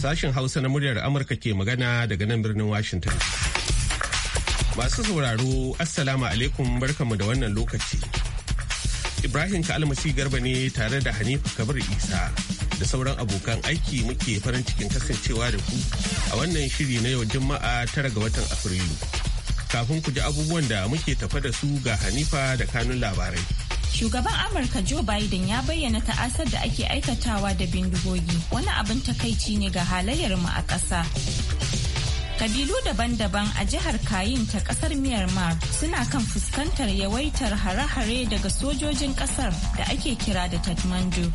Sashen Hausa na muryar Amurka ke magana daga nan birnin Washington. Masu sauraro, Assalamu alaikum barkamu da wannan lokaci. Ibrahim Kalmasi Garba ne tare da Hanifu Kabir Isa da sauran abokan aiki muke farin cikin kasancewa da ku a wannan shiri na yau Juma'a tara ga watan Afrilu. Kafin ku ji abubuwan da muke tafa da su ga Hanifa da kanun labarai. Shugaban Amurka Joe Biden ya bayyana ta'asar da ake aikatawa da bindigogi wani abin takaici ne ga halayyar mu a ƙasa. Kabilu daban-daban a jihar Kayin ta kasar Myanmar suna kan fuskantar yawaitar hare-hare daga sojojin ƙasar da ake kira da Tatmandu.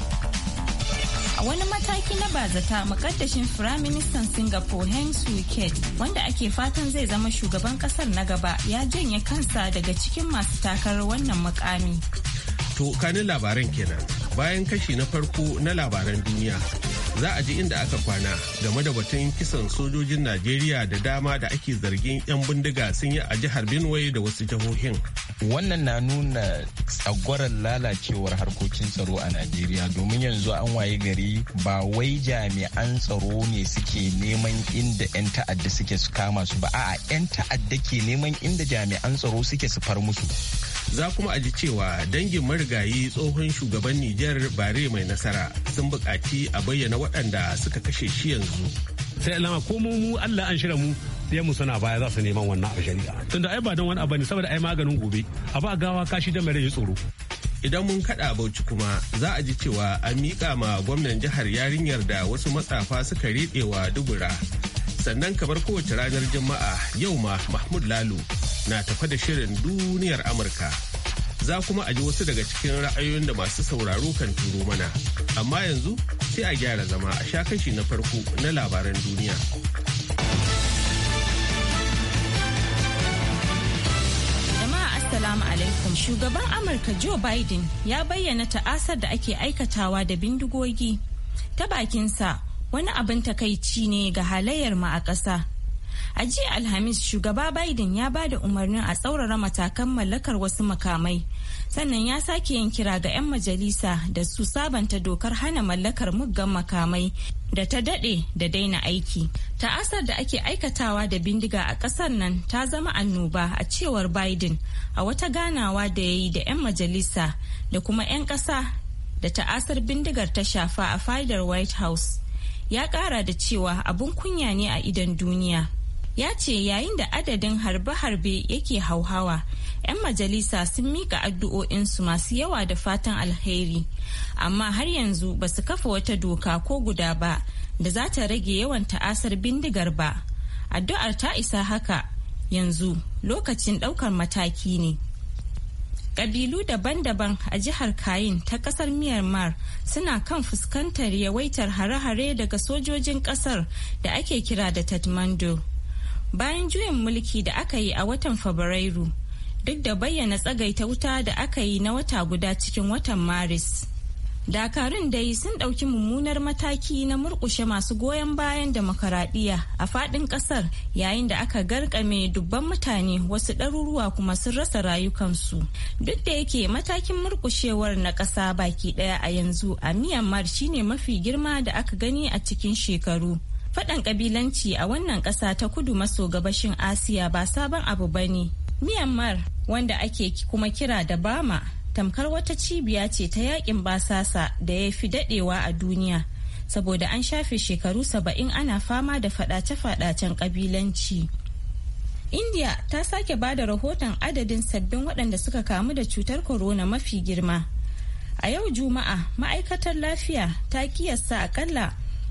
A wani mataki na bazata makaddashin Firaministan Singapore Heng Swee Keat wanda ake fatan zai zama shugaban kasar na gaba ya janye kansa daga cikin masu takarar wannan mukami. To kanin labaran kenan bayan kashi na farko na labaran duniya za a ji inda aka kwana game da batun kisan sojojin Najeriya da dama da ake zargin 'yan bindiga sun yi a jihar Benue da wasu jihohin. Wannan na nuna tsagwarar lalacewar harkokin tsaro a Najeriya domin yanzu an waye gari ba wai jami'an tsaro ne suke neman inda 'yan ta'adda suke su kama su ba a'a 'yan ta'adda ke neman inda jami'an tsaro suke su far musu. za kuma a ji cewa dangin marigayi tsohon shugaban Nijar bare mai nasara sun bukaci a bayyana waɗanda suka kashe shi yanzu. Sai alama ko mu Allah an shirya mu sai mu sana baya za su neman wannan a shari'a. Tunda ai ba don wani abu ne saboda ai maganin gobe a ba gawa kashi da mai tsoro. Idan mun kaɗa Bauchi kuma za a ji cewa an miƙa ma gwamnan jihar yarinyar da wasu matsafa suka riɗewa dubura. Sannan kamar kowace ranar Juma'a yau ma Mahmud Lalo na tafa da shirin duniyar Amurka. Za kuma a ji wasu daga cikin ra'ayoyin da masu sauraro kan turo mana. Amma yanzu sai a gyara zama a sha kashi na farko na labaran duniya. shugaban Amurka Joe Biden ya bayyana ta'asar da ake aikatawa da bindigogi. Ta bakinsa wani abin takaici ne ga halayyar mu a ƙasa A jiya Alhamis shugaba Biden ya ba da umarnin a tsaurara matakan mallakar wasu makamai. Sannan ya sake yin kira ga 'yan majalisa da su sabanta dokar hana mallakar muggan makamai da ta daɗe da daina aiki. Ta'asar da ake aikatawa da bindiga a ƙasar nan ta zama annoba a cewar Biden a wata ganawa da ya yi da 'yan majalisa da kuma 'yan ƙasa da ta'asar bindigar ta shafa a fadar White House. Ya ƙara da cewa abun kunya ne a idon duniya. ya ce yayin da adadin harbe-harbe yake hauhawa 'yan majalisa sun mika addu'o'insu masu yawa da fatan alheri amma har yanzu ba su kafa wata doka ko guda ba da za ta rage yawan ta'asar bindigar ba addu'ar ta isa haka yanzu lokacin ɗaukar mataki ne kabilu daban-daban a jihar kayin ta kasar myanmar suna kan fuskantar yawaitar hare-hare daga sojojin kasar da ake kira da tatmando bayan juyin mulki da aka yi a watan fabrairu duk da bayyana tsagaita wuta da aka yi na wata guda cikin watan maris dakarun dai sun ɗauki mummunar mataki na murƙushe masu goyon bayan demokaradiyya a faɗin ƙasar yayin da aka garkame dubban mutane wasu ɗaruruwa kuma sun rasa rayukansu duk da yake matakin murƙushewar na ƙasa baki ɗaya a yanzu a myanmar shine mafi girma da aka gani a cikin shekaru Faɗan ƙabilanci a wannan ƙasa ta kudu maso gabashin Asiya ba sabon abu ba ne. Myanmar wanda ake kuma kira da Bama tamkar wata cibiya ce ta yakin basasa da ya fi daɗewa a duniya saboda an shafe shekaru saba'in ana fama da faɗace-faɗacen ƙabilanci. India ta sake bada rahoton adadin sabbin waɗanda suka kamu da cutar corona mafi girma. A yau Juma'a, ma'aikatar lafiya ta kiyasta akalla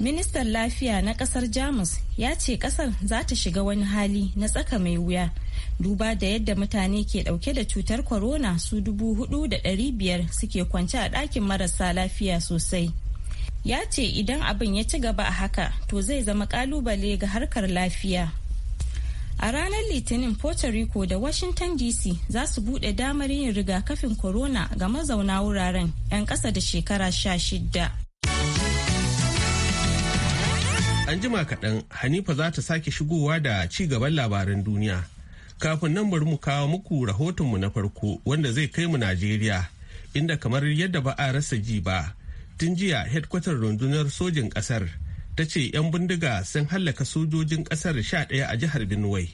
ministan lafiya na kasar jamus ya ce kasar za ta shiga wani hali na tsaka mai wuya duba da yadda mutane ke dauke da cutar corona su dubu hudu da dari biyar suke kwance a ɗakin marasa lafiya sosai ya ce idan abin ya ci gaba a haka to zai zama kalubale ga harkar lafiya a ranar litinin puerto rico da washington dc za su bude damar yin rigakafin corona ga mazauna wuraren 'yan ƙasa da shekara sha shida. An jima kaɗan Hanifa za ta sake shigowa da ci gaban labaran duniya. Kafin nan bari mu kawo muku rahotonmu na farko wanda zai kai mu Najeriya inda kamar yadda ba a rasa ji ba tun jiya hedkwatar rundunar sojin ƙasar ta ce 'yan bindiga sun hallaka sojojin ƙasar ɗaya a jihar Benue.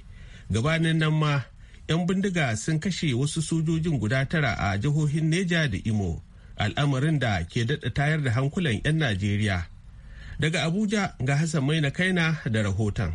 Gabanin nan ma 'yan bindiga sun kashe wasu sojojin guda tara a jihohin Neja da Imo. Al'amarin da ke daɗa tayar da hankulan 'yan Najeriya. Daga Abuja ga Hassan Maina Kaina da rahoton.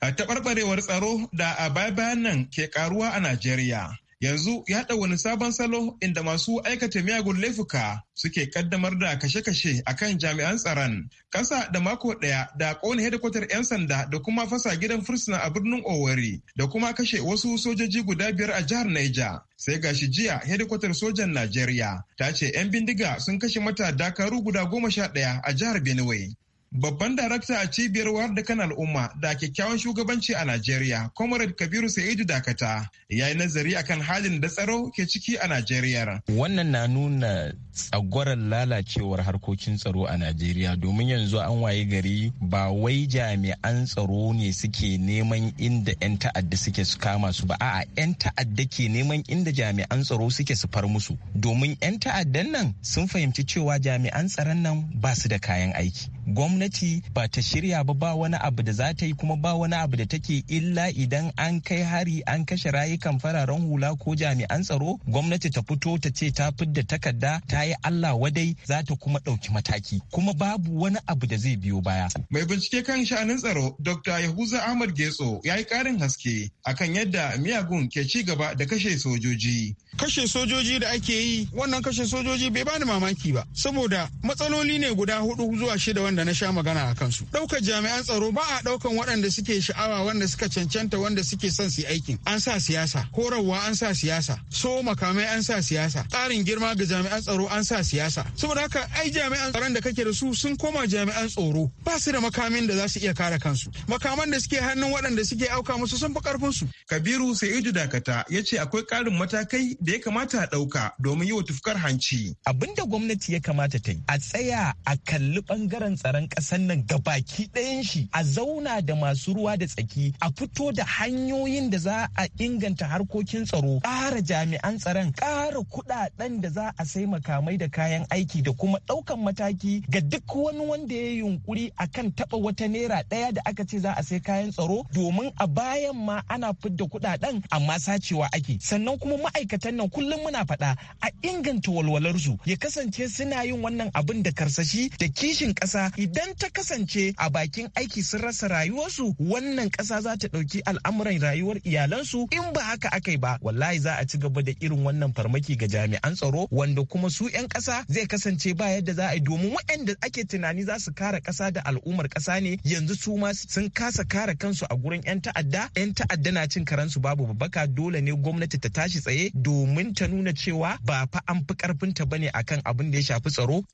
A taɓarɓarewar tsaro da a bayan nan ke ƙaruwa a Najeriya yanzu ya haɗa wani sabon salo inda masu aikata miyagun laifuka suke kaddamar da kashe-kashe a kan jami'an tsaron ƙasa da mako ɗaya da ƙone hedikwatar 'yan sanda da kuma fasa gidan fursuna a birnin owari da kuma kashe wasu sojoji guda biyar a jihar naija sai ga shi jiya hedikwatar sojan najeriya ta ce 'yan bindiga sun kashe mata dakaru guda goma sha ɗaya a jihar benue Babban darakta a cibiyar wayar da kan al'umma da kyakkyawan shugabanci a Najeriya, Comrade Kabiru Sa'idu Dakata, ya yi nazari akan halin da tsaro ke ciki a Najeriya. Wannan na nuna tsagwaron lalacewar harkokin tsaro a Najeriya domin yanzu an waye gari ba wai jami'an tsaro ne suke neman inda 'yan ta'adda suke su kama su ba a'a 'yan ta'adda ke neman inda jami'an tsaro suke su far musu domin 'yan ta'addan nan sun fahimci cewa jami'an tsaron nan ba su da kayan aiki gwamnati ba ta shirya ba ba wani abu da za ta yi kuma ba wani abu da take illa idan an kai hari an kashe rayukan fararen hula ko jami'an tsaro gwamnati ta fito ta ce ta fidda takarda ta yi Allah wadai za ta kuma ɗauki mataki kuma babu wani abu da zai biyo baya. Mai bincike kan sha'anin tsaro Dr. Yahuza Ahmad Getso ya yi ƙarin haske akan yadda miyagun ke ci gaba da kashe sojoji. Kashe sojoji da ake yi wannan kashe sojoji bai bani mamaki ba saboda matsaloli ne guda hudu zuwa shida wanda da na sha magana a kansu ɗaukar jami'an tsaro ba a ɗaukan waɗanda suke sha'awa wanda suka cancanta wanda suke son su aikin an sa siyasa korarwa an sa siyasa so makamai an sa siyasa ƙarin girma ga jami'an tsaro an sa siyasa saboda haka ai jami'an tsaron da kake da su sun koma jami'an tsoro ba su da makamin da za su iya kare kansu makaman da suke hannun waɗanda suke auka musu sun fi ƙarfinsu. su kabiru sa'idu dakata ya ce akwai ƙarin matakai da ya kamata a ɗauka domin yi wa tufkar hanci da gwamnati ya kamata ta yi a tsaya a kalli ɓangaren tsaro tsaron kasar nan ga baki ɗayan shi a zauna da masu ruwa da tsaki a fito da hanyoyin da za a inganta harkokin tsaro ƙara jami'an tsaron ƙara kuɗaɗen da za a sai makamai da kayan aiki da kuma ɗaukan mataki ga duk wani wanda ya yi yunkuri akan taɓa wata naira ɗaya da aka ce za a sai kayan tsaro domin a bayan ma ana fidda kuɗaɗen amma sacewa ake sannan kuma ma'aikatan nan kullum muna faɗa a inganta walwalarsu ya kasance suna yin wannan abin da karsashi da kishin ƙasa idan ta kasance a bakin aiki sun rasa rayuwarsu wannan ƙasa za ta ɗauki al'amuran rayuwar iyalansu in ba haka aka ba wallahi za a ci gaba da irin wannan farmaki ga jami'an tsaro wanda kuma su 'yan ƙasa zai kasance ba yadda za a yi domin waɗanda ake tunani za su kare ƙasa da al'ummar ƙasa ne yanzu su ma sun kasa kare kansu a gurin 'yan ta'adda 'yan ta'adda na cin karansu babu babbaka dole ne gwamnati ta tashi tsaye domin ta nuna cewa ba fa an fi karfinta bane akan abin da ya shafi tsaro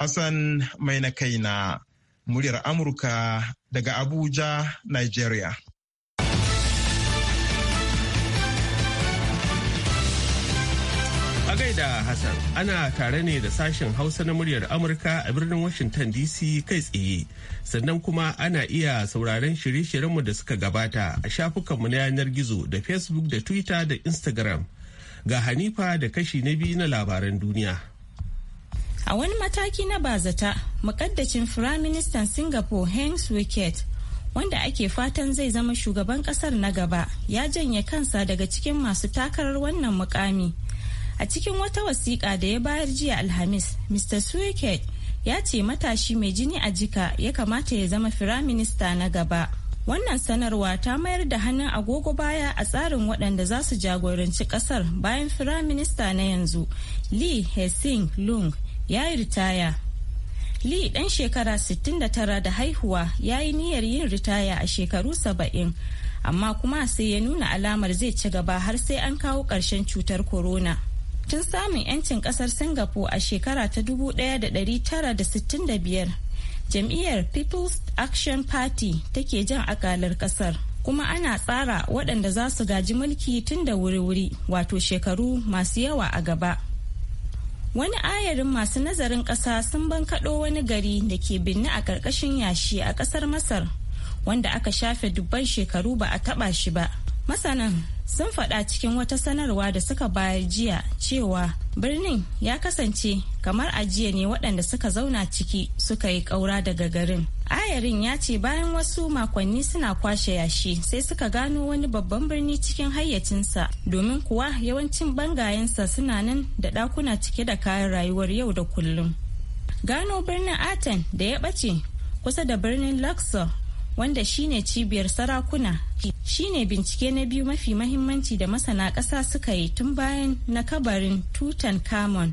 Hassan mai na kai na muryar Amurka daga Abuja, Nigeria. A gaida Hassan, ana tare ne da sashen Hausa na muryar Amurka a birnin Washington DC kai tsaye. Sannan kuma ana iya sauraron shirye-shiryenmu da suka gabata a shafukanmu na yanar gizo da Facebook da Twitter da Instagram. Ga Hanifa da kashi na biyu na labaran duniya. a wani mataki na bazata mukaddacin firaministan singapore heng wicket wanda ake fatan zai zama shugaban kasar na gaba ya janye kansa daga cikin masu takarar wannan mukami a cikin wata wasiƙa da ya bayar jiya alhamis mr suiket ya ce matashi mai jini a jika ya kamata ya zama firaminista na gaba wannan sanarwa ta mayar da hannun agogo baya a tsarin waɗanda za su jagoranci ƙasar bayan firaminista na yanzu lee hsing lung ya yi ritaya li ɗan shekara 69 da haihuwa ya yi niyyar yin ritaya a shekaru 70 amma kuma sai ya nuna alamar zai ci gaba har sai an kawo ƙarshen cutar corona. Tun samun 'yancin ƙasar Singapore a shekara ta 1965 jam'iyyar People's Action Party take jan akalar ƙasar. kuma ana tsara waɗanda za su gaji mulki tun da wuri-wuri wato shekaru masu yawa a gaba. wani ayarin masu nazarin ƙasa sun bankaɗo wani gari da ke binne a ƙarƙashin yashi a ƙasar masar wanda aka shafe dubban shekaru ba a taɓa shi ba masanan sun faɗa cikin wata sanarwa da suka bayar jiya cewa birnin ya kasance kamar ajiya ne waɗanda suka zauna ciki suka yi ƙaura daga garin ayarin ya ce bayan wasu makonni suna kwashe yashi sai suka gano wani babban birni cikin hayyacinsa domin kuwa yawancin bangayensa suna nan da ɗakuna cike da kayan rayuwar yau da kullum gano birnin aten da ya ɓace kusa da birnin luxor wanda shine cibiyar sarakuna shine bincike na biyu mafi mahimmanci da masana ƙasa suka yi tun bayan na kabarin tutankhamun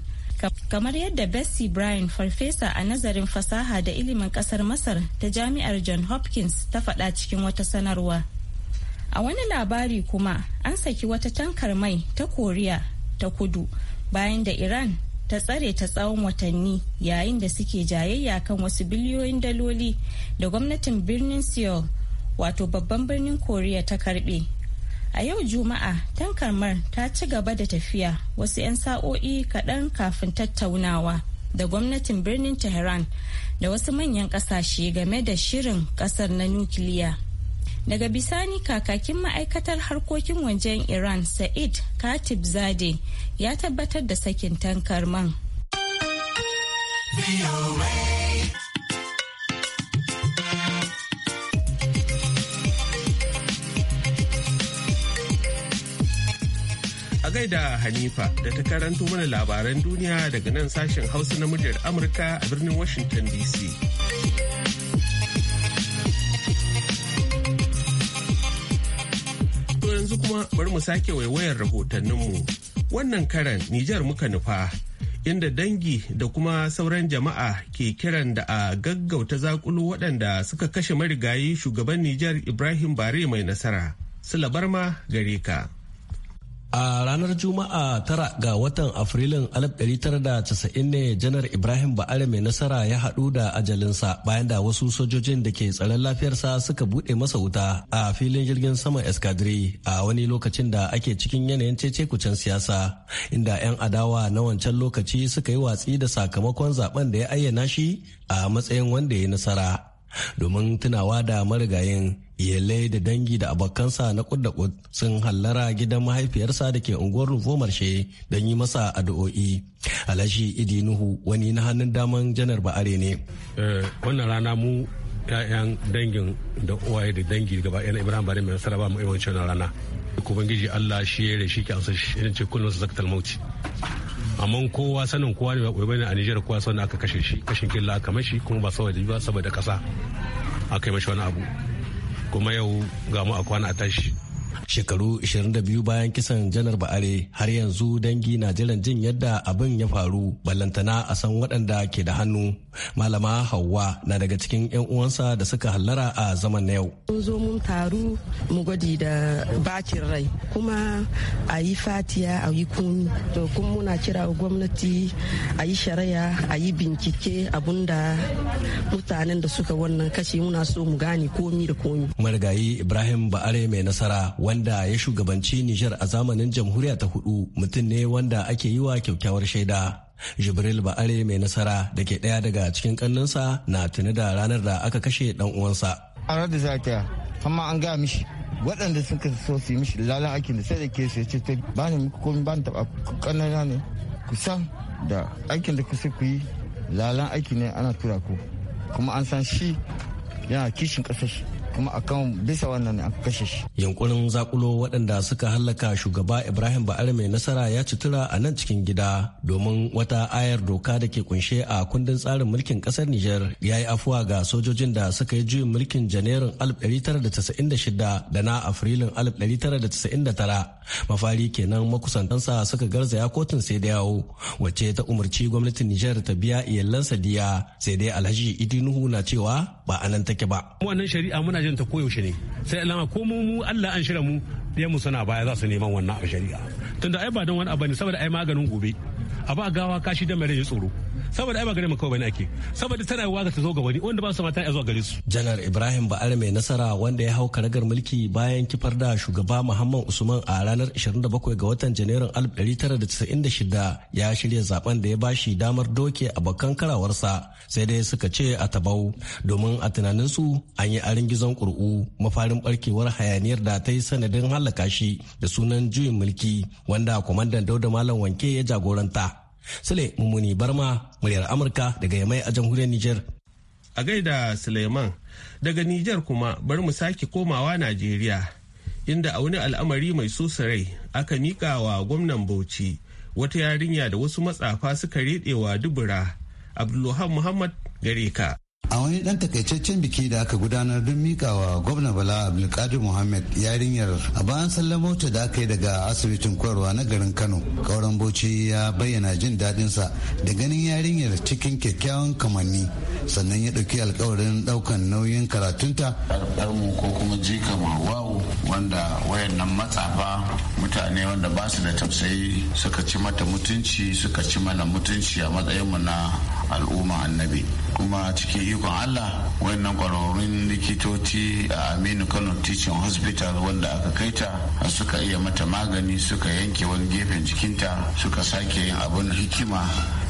kamar yadda bessie bryan farfesa a nazarin fasaha da ilimin kasar masar ta jami'ar john hopkins ta faɗa cikin wata sanarwa a wani labari kuma an saki wata tankar mai ta koriya ta kudu bayan da iran ta tsare ta tsawon watanni yayin da suke jayayya kan wasu biliyoyin daloli da gwamnatin birnin seoul wato babban birnin koriya ta karbe A yau Juma'a, tankarmar ta ci gaba da tafiya wasu 'yan sa'o'i kaɗan kafin tattaunawa da gwamnatin birnin Tehran da wasu manyan ƙasashe game da shirin ƙasar na nukiliya. Daga bisani kakakin ma'aikatar harkokin wajen Iran Sa'id Katib Zade ya tabbatar da sakin tankar man. da Hanifa da ta karanto mana labaran duniya daga nan sashen Hausa na muryar Amurka a birnin Washington DC. To yanzu kuma bari mu sake waiwayar rahotanninmu. Wannan karan Nijar muka nufa inda dangi da kuma sauran jama'a ke kiran da a gaggauta zakulu waɗanda suka kashe marigayi shugaban Nijar Ibrahim Bare mai nasara. Sula Barma gare A ranar Juma'a tara ga watan Afrilun 1990 ne janar Ibrahim Ba'ale mai nasara ya haɗu da ajalinsa bayan da wasu sojojin da ke tsaron lafiyarsa suka buɗe masa wuta a filin jirgin saman eskadri a wani lokacin da ake cikin yanayin cece-kucen siyasa inda 'yan adawa na wancan lokaci suka yi watsi da sakamakon zaben da ya ayyana shi a matsayin wanda ya nasara. Domin tunawa da marigayin iyalai da dangi da abokansa na kud kud sun hallara gidan mahaifiyarsa da ke unguwar rufo marshe don yi masa addu'o'i alashi idi nuhu wani na hannun daman janar ba'are ne eh, wannan rana mu ya'yan dangin da uwaye da dangi gaba yana ibrahim Bari mai nasara ba mu yawancin rana ubangiji allah shi ya shi ke amsa shi ce kullum su zakatal mauti amma kowa sanin kowa ne ba ne a Nijar kowa sanin aka kashe shi kashin killa aka mashi kuma ba saboda ƙasa kasa aka yi mashi wani abu kuma yau ga mu a kwana a tashi shekaru 22 bayan kisan janar ba'are har yanzu dangi na jiran jin yadda abin ya faru ballantana a san waɗanda ke da hannu malama hawa na daga cikin 'yan uwansa da suka hallara a zaman na yau mun zo mun taru mu gwadi da bacin rai kuma a yi fatiya a yi kun to kun muna kira gwamnati a yi shari'a a yi bincike abinda mutanen da suka wannan kashe muna so mu gane komi da komi marigayi ibrahim ba'are mai nasara wani wanda ya shugabanci Nijar a zamanin jamhuriya ta hudu mutum ne wanda ake yi wa kyakkyawar shaida. Jibril Ba'are mai nasara da ke ɗaya daga cikin ƙanninsa na tuni da ranar da aka kashe dan uwansa. An rada zakiya, amma an gaya mishi waɗanda suka so su yi mishi lalan aikin da sai da ke su ce ta ba ni muku komi ba ni taɓa ƙannana ne ku da aikin da kusa ku yi lalan aiki ne ana tura ku kuma an san shi yana kishin ƙasar kuma akan bisa wannan aka kashe shi yankunan zakulo waɗanda suka hallaka shugaba ibrahim ba'ar mai nasara ya citura a nan cikin gida domin wata ayar doka da ke kunshe a kundin tsarin mulkin ƙasar Nijar ya yi afuwa ga sojojin da suka yi juyin mulkin janairun 1996 da na afrilun 1999 mafari kenan makusantansa suka garzaya kotun sai da yawo wacce ta umarci gwamnatin nijar ta biya iyalan sadiya sai dai alhaji idinuhu na cewa ba anan take ba wannan shari'a muna jin ta koyaushe ne sai alama ko mu allah an shirya mu ɗaya mu suna baya za su neman wannan a shari'a tunda ai ba don wani abu ne saboda ai maganin gobe a ba gawa kashi da mai tsoro saboda ai ba gare mu kawai bane ake saboda tana yawa ga ta zo ga wani wanda ba su mata ya zo gare su janar ibrahim ba'ar mai nasara wanda ya hau karagar mulki bayan kifar da shugaba muhammad usman a ranar 27 ga watan Janairun 1996 ya shirya zaben da ya ba shi damar doke abokan karawarsa sai dai suka ce a tabau domin a tunaninsu an yi arin gizon kur'u mafarin barkewar hayaniyar da ta yi sanadin hallaka shi da sunan juyin mulki wanda kwamandan Dauda Malam Wanke ya jagoranta. Sule Mummuni Barma, muryar Amurka daga Yamai a jamhuriyar niger. A gaida Suleiman, daga niger kuma bari mu sake komawa Najeriya. inda a wani al'amari mai rai aka mika wa gwamnan bauchi wata yarinya da wasu matsafa suka riɗewa dubura abdulluhan muhammad gare ka a wani dan takaicaccen biki da aka gudanar don mikawa gwamna bala abdulkadir muhammad yarinyar a bayan sallamo mota da aka yi daga asibitin koyarwa na garin kano kauran bauchi ya bayyana jin daɗinsa da ganin yarinyar cikin kyakkyawan kamanni sannan ya ɗauki alkawarin ɗaukan nauyin karatunta mu ko kuma jika wanda wayannan matsafa mutane wanda ba su da tausayi suka ci mata mutunci suka ci mana mutunci a matsayinmu na al'umma annabi kuma cikin ikon allah wannan kwararrun likitoci a aminu kano teaching hospital wanda aka kai ta suka iya mata magani suka yanke wani gefen jikinta suka sake yin abin hikima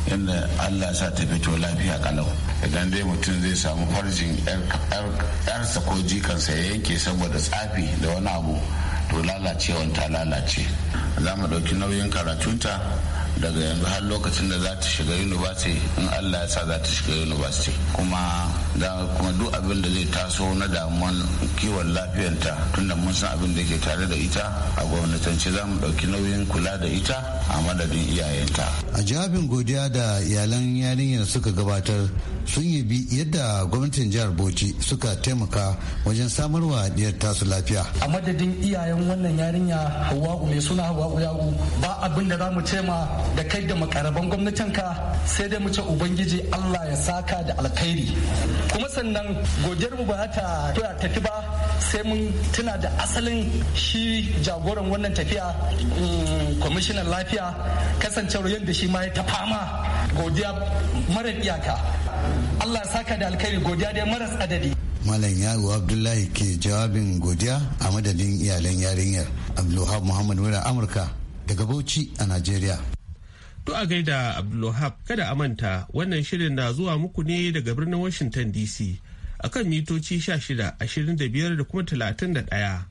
yadda allah sa ta fito lafiya kalau idan dai mutum zai samu farjin yarsa ko jikansa ya yanke saboda tsafi da wani abu to lalacewa ta lalace za mu ɗauki nauyin karatunta daga yanzu har lokacin da za ta shiga university in allah ya sa za ta shiga university kuma da kuma duk abin da zai taso na damuwan kiwon lafiyanta tunda mun san abin da ke tare da ita a gwamnatance za mu ɗauki nauyin kula da ita a madadin iyayenta a jawabin godiya da iyalan yarinyar suka gabatar sun yi bi yadda gwamnatin jihar bauchi suka taimaka wajen samarwa diyar tasu lafiya a madadin iyayen wannan yarinya hawa'u mai suna hawa'u ya'u ba abin da za mu ce ma da kai da makaraban ka sai dai mu ce ubangiji Allah ya saka da alkhairi kuma sannan godiyar mu ba ta tura tafi ba sai mun tuna da asalin shi jagoran wannan tafiya mm, kwamishinan lafiya kasancewar yadda shi ma ya ta fama godiya mara iyaka Allah ya saka da alkhairi godiya dai maras adadi Malam Yaro Abdullahi ke jawabin godiya a madadin iyalan yarinyar. Abdulhab Muhammad Wura Amurka daga Bauchi a Najeriya. To a gaida Abdulwahab kada a manta wannan shirin na zuwa muku ne daga birnin Washington DC akan mitoci 16, da kuma 31.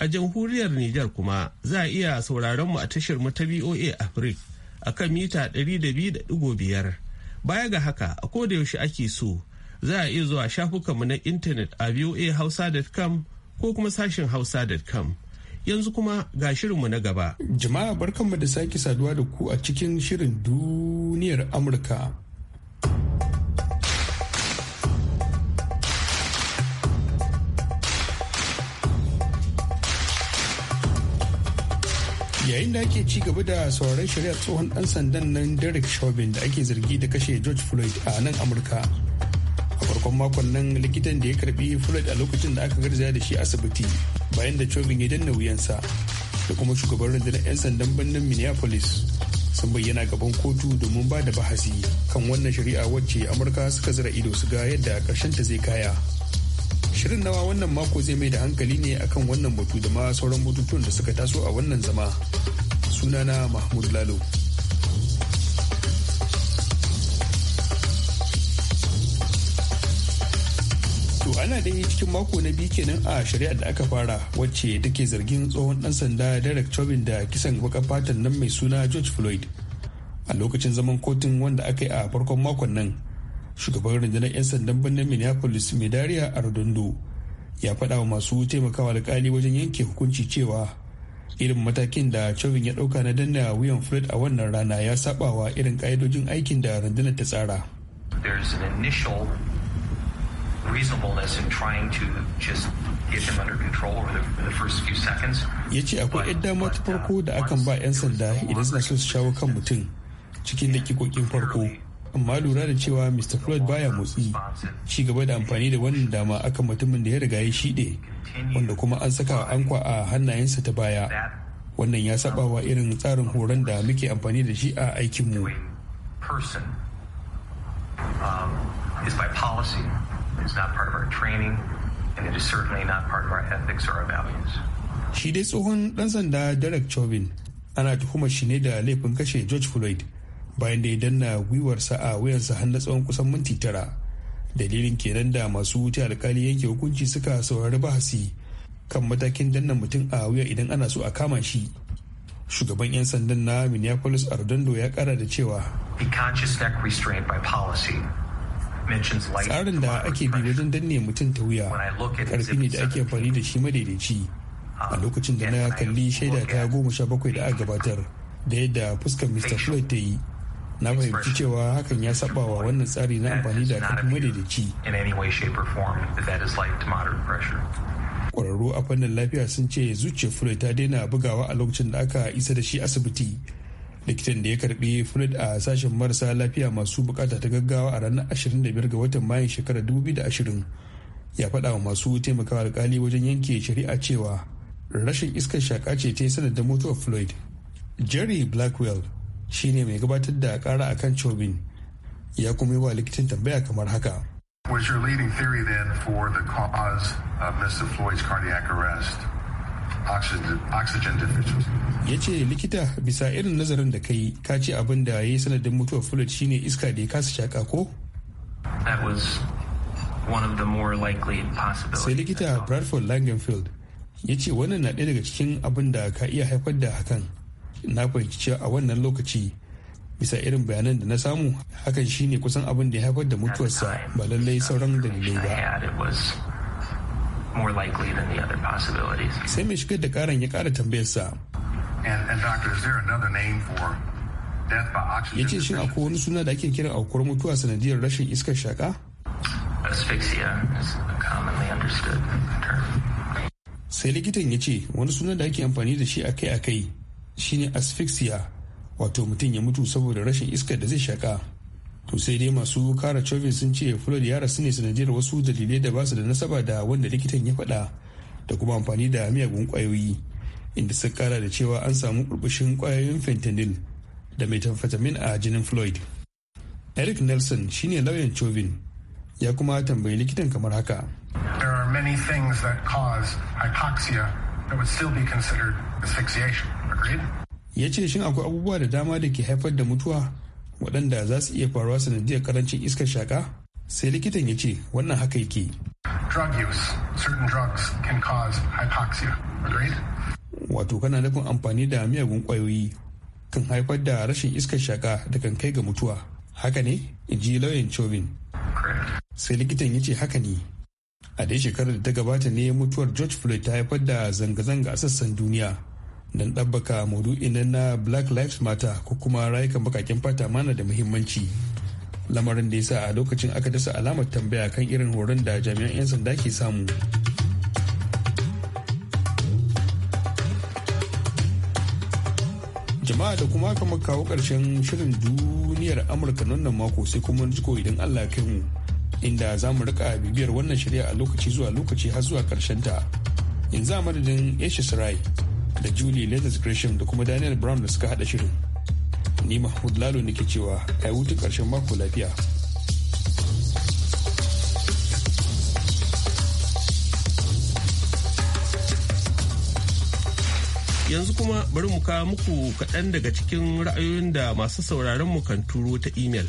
A jamhuriyar Nijar kuma za a iya sauraron mu a tashar mu ta VOA Africa akan mita 200.5. Baya ga haka a koda yaushe ake so za a iya zuwa shafukanmu na intanet a hausa.com ko kuma sashin hausa.com. yanzu kuma ga shirinmu na gaba. Jama'a barkanmu da sake saduwa da ku a cikin shirin duniyar Amurka. Yayin da ake ci gaba da sauraron shari'a tsohon ɗan sandan nan Derek Chauvin da ake zargi da kashe George Floyd a nan Amurka. farkon makon nan likitan da ya karbi floyd a lokacin da aka garzaya da shi asibiti bayan da cobin ya danna wuyansa da kuma shugaban rundunar 'yan sandan birnin minneapolis sun bayyana gaban kotu domin ba da bahasi kan wannan shari'a wacce amurka suka zira ido su ga yadda ta zai kaya shirin nawa wannan mako zai mai da hankali ne akan wannan batu da ma sauran batutuwan da suka taso a wannan zama sunana mahmud lalo ana da cikin mako na biyu kenan a shari'ar da aka fara wacce take zargin tsohon dan sanda derek chauvin da kisan baka fatan nan mai suna george floyd a lokacin zaman kotun wanda aka yi a farkon makon nan shugaban rundunar 'yan sandan birnin minneapolis medaria Rodondo ya faɗa wa masu taimakawa alkali wajen yanke hukunci cewa irin matakin da chauvin ya ɗauka na danna wuyan floyd a wannan rana ya saɓawa irin ƙa'idojin aikin da rundunar ta tsara reasonableness in trying to just get him under control over the, first few seconds. Ya ce akwai 'yan dama ta farko da uh, akan ba 'yan sanda idan suna so su shawo kan mutum cikin dakikokin farko. Amma lura da cewa Mr. Floyd baya motsi, ci gaba da amfani da wannan dama akan mutumin da ya riga ya shiɗe, wanda kuma an saka ankwa a hannayensa ta baya. Wannan ya sabawa irin tsarin horon da muke amfani da shi a aikinmu. It's not part of our training, and it is certainly not part of our ethics or our values. Shi dai tsohon ɗan sanda Derek Chauvin ana tuhumar shi ne da laifin kashe George Floyd bayan da ya danna gwiwarsa a wuyansa har na tsawon kusan minti tara. Dalilin kenan da masu wuce alkali yanke hukunci suka saurari bahasi kan matakin danna mutum a wuya idan ana so a kama shi. Shugaban 'yan sandan na Minneapolis Ardondo ya kara da cewa. The conscious neck restraint by policy tsarin da ake bi wajen danne mutum ta wuya karfi ne da ake amfani da shi madaidaici a ah, lokacin da na kalli shaida ta goma sha bakwai da aka gabatar da yadda fuskar mr floyd ta yi na fahimci cewa hakan ya saba wa wannan tsari na amfani da karfi madaidaici kwararru a fannin lafiya sun ce zuciyar floyd ta daina bugawa a lokacin da aka isa da shi asibiti likitan da ya karbi fulid a sashen marasa lafiya masu bukata ta gaggawa a ranar 25 ga watan mayu shekarar 2020 ya faɗa wa masu taimakawa alkali wajen yanke shari'a cewa rashin iskar shaka ce ta yi sanadin mutuwar floyd jerry blackwell shine mai gabatar da kara akan chobin ya kuma yi wa likitan tambaya kamar haka Was your leading theory then for the cause of Mr. Floyd's cardiac arrest? oxygen deficiency ya likita bisa irin nazarin da ka yi ka ce abin da ya yi sanadin mutuwar fluid shine iska da ya kasa shaka ko sai likita bradford langenfield ya ce wannan na ɗaya daga cikin abin da ka iya haifar da hakan na fahimci cewa a wannan lokaci bisa irin bayanan da na samu hakan shine kusan abin da ya haifar da mutuwarsa ba lallai sauran dalilai ba more likely than the other possibilities. Sai mai shigar da karan ya kara tambayarsa. Ya ce shin akwai wani suna da ake kira aukuwar mutuwa sanadiyar rashin iskar shaka? Asphyxia is commonly understood Sai likitan ya ce wani suna da ake amfani da shi akai-akai shine asphyxia wato mutum ya mutu saboda rashin iskar da zai shaka. to sai dai masu kara covin sun ce floyd ya rasu ne sanadiyar wasu dalilai da basu da nasaba da wanda likitan ya faɗa da kuma amfani da miyagun kwayoyi inda sun kara da cewa an samu kurbushin kwayoyin fentanyl da methamphetamine a jinin floyd eric nelson shine lauyan covin ya kuma tambayi likitan kamar haka ya ce shin akwai abubuwa da dama da ke haifar da mutuwa waɗanda za su iya faruwa sanadiyar karancin iskar shaka sai likitan ya ce wannan haka yake wato kana nufin amfani da miyagun ƙwayoyi kan haifar da rashin iskar shaka da kan kai ga mutuwa haka ne in ji lauyan chauvin sai likitan ya ce haka ne a dai shekarar da ta gabata ne mutuwar george floyd ta haifar da zanga-zanga a sassan duniya don ɗabbaka maudu'in na black lives matter ko kuma rayukan bakakin fata mana da muhimmanci lamarin da ya sa a lokacin aka dasa alamar tambaya kan irin horon da jami'an 'yan sanda ke samu jama'a da kuma aka kawo karshen shirin duniyar amurka nan mako sai kuma jiko idan allah kai mu inda za mu rika bibiyar wannan shirya a lokaci zuwa lokaci har zuwa karshen ta yanzu a madadin yashe rai. da Julie Letters Gresham da kuma Daniel Brown da suka hada shirin. Ni Mahmud Lalo nake cewa a hutun ƙarshen mako lafiya. Yanzu kuma bari mu kawo muku kaɗan daga cikin ra'ayoyin da masu sauraron mu kan turo ta imel.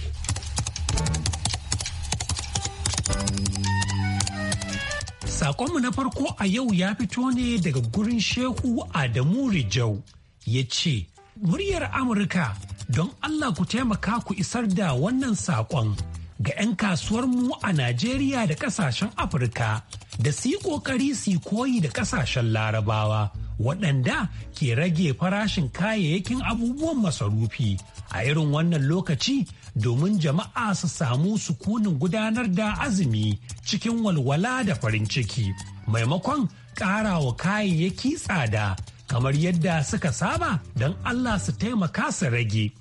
Sakonmu na farko a yau ya fito ne daga gurin Shehu Adamu Rijau ya ce, Muryar Amurka don Allah ku taimaka ku isar da wannan sakon ga 'yan kasuwarmu a Najeriya da kasashen Afirka da su yi ƙoƙari su koyi da kasashen Larabawa. waɗanda ke rage farashin kayayyakin abubuwan masarufi a irin wannan lokaci domin jama'a su samu sukunin gudanar da azumi cikin walwala da farin ciki maimakon ƙarawa kayayyaki tsada kamar yadda suka saba don Allah su taimaka su rage.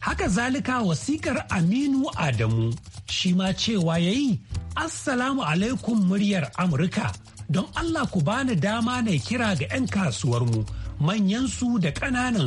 Haka zalika wasikar Aminu Adamu shi ma cewa ya yi Assalamu alaikum muryar Amurka don Allah ku bani dama na kira ga 'yan kasuwarmu manyansu da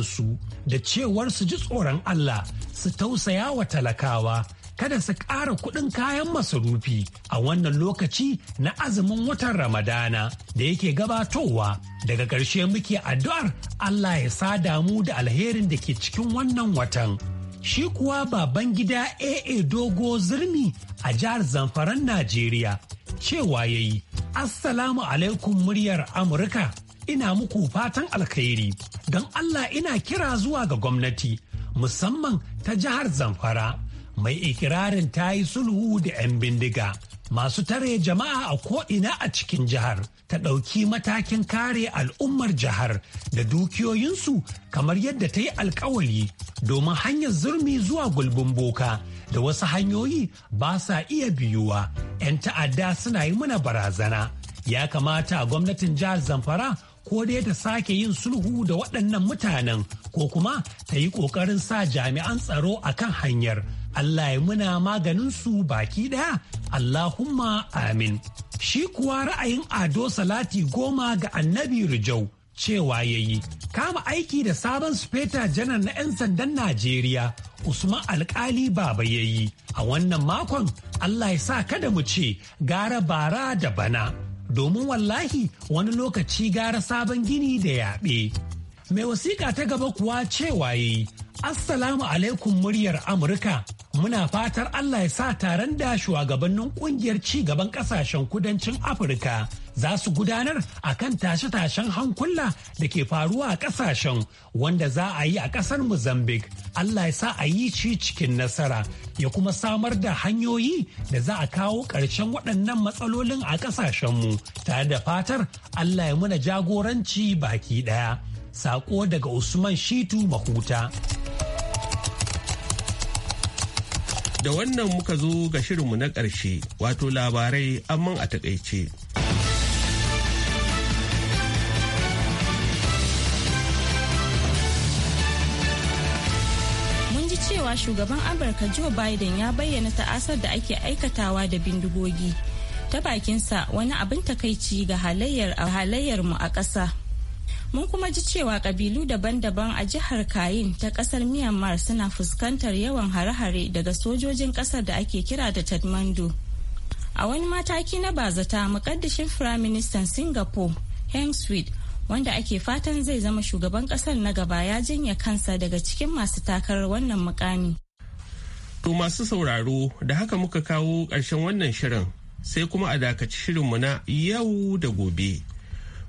su da cewar su ji tsoron Allah su tausaya wa talakawa kada su ƙara kuɗin kayan masarufi a wannan lokaci na azumin watan Ramadana da yake gabatowa daga ƙarshe muke addu'ar Allah ya sada mu da alherin da ke cikin wannan watan. Shi kuwa baban gida AA Dogo Zirmi a jihar Zamfaran Najeriya cewa ya yi Assalamu alaikum muryar Amurka ina muku fatan alkhairi don Allah ina kira zuwa ga gwamnati musamman ta jihar Zamfara mai ikirarin ta yi sulhu da 'yan bindiga masu tare jama'a a ko'ina a cikin jihar ta ɗauki matakin kare al'ummar jihar da dukiyoyinsu kamar yadda ta yi alkawari domin hanyar zurmi zuwa gulbin boka da wasu hanyoyi ba sa iya biyuwa 'yan ta'adda suna yi mana barazana ya kamata gwamnatin jihar zamfara ko dai ta sake yin sulhu da waɗannan mutanen ko kuma ta yi ƙoƙarin sa jami'an tsaro a kan hanyar Allah ya muna maganinsu baki ɗaya Allahumma amin. Shi kuwa ra'ayin ado salati goma ga annabi Rijau cewa ya yi, kama aiki da sabon sufeta janar na 'yan sandan Najeriya Usman Alkali Baba ya yi. A wannan makon Allah ya sa kada mu ce gara bara da bana. Domin wallahi wani lokaci gara sabon gini da yaɓe. Mai wasiƙa ta gaba kuwa cewa ya yi, Assalamu alaikum muryar Amurka. muna fatar Allah ya sa taron da shugabannin kungiyar ci gaban kasashen kudancin Afirka za su gudanar a kan tashe-tashen hankula da ke faruwa a kasashen wanda za a yi a kasar Mozambique. Allah ya sa a yi ci cikin nasara ya kuma samar da hanyoyi da za a kawo ƙarshen waɗannan matsalolin a kasashenmu tare da fatar Allah ya muna jagoranci baki ɗaya. Sako daga Usman Shitu Mahuta. Da wannan muka zo ga shirinmu na ƙarshe wato labarai amman a takaice. Mun ji cewa shugaban Amurka Joe Biden ya bayyana ta'asar da ake aikatawa da bindigogi. Ta bakinsa wani abin takaici ga halayyar mu a ƙasa. Mun kuma ji cewa kabilu daban-daban a jihar Kayin ta kasar Myanmar suna fuskantar yawan hare-hare daga sojojin kasar da ake kira da Tatmandu. A wani mataki na bazata mukaddishin Firaministan Singapore, Heng Sweet, wanda ake fatan zai zama shugaban kasar na gaba ya jinya kansa daga cikin masu takarar wannan mukami. To masu sauraro da haka muka kawo ƙarshen wannan shirin sai kuma a dakaci shirinmu na yau da gobe.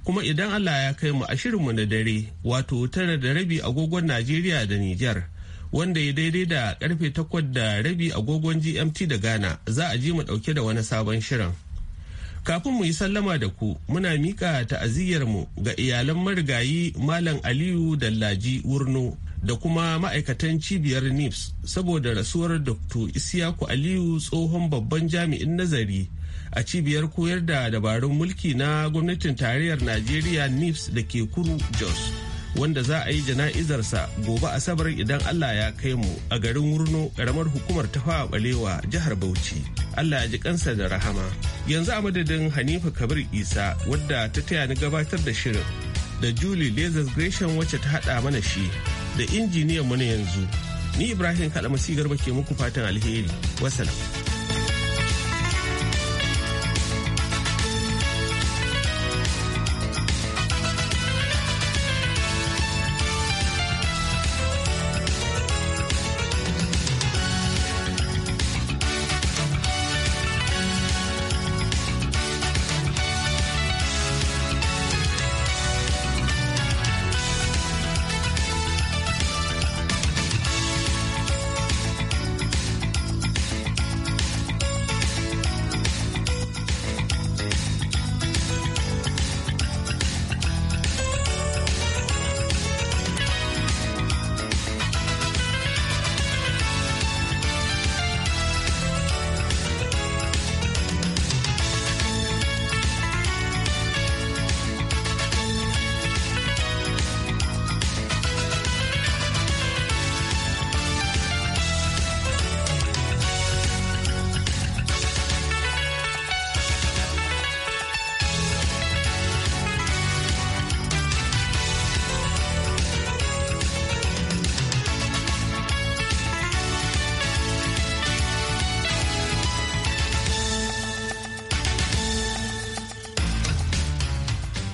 kuma idan Allah ya kai mu a shirinmu na dare wato tara da rabi agogon Najeriya da Nijar wanda ya daidai da karfe takwas da rabi agogon GMT da Ghana za a je mu dauke da wani sabon shirin. Kafin mu yi sallama da ku muna miƙa mu ga iyalan marigayi Malam Aliyu Dallaji Wurno da kuma ma'aikatan cibiyar NIPS saboda rasuwar Dr. Isiyaku Aliyu tsohon babban jami'in nazari. a cibiyar koyar da dabarun mulki na gwamnatin tarayyar najeriya nips da ke kuru jos wanda za a yi jana'izarsa gobe asabar idan allah ya kai mu a garin wurno karamar hukumar tafa balewa jihar bauchi allah ya ji kansa da rahama yanzu a madadin hanifa kabir isa wadda ta taya ni gabatar da shirin da julie Lazarus gresham wacce ta hada mana shi da injiniyan mu na yanzu ni ibrahim kalamasi garba ke muku fatan alheri Wassalam.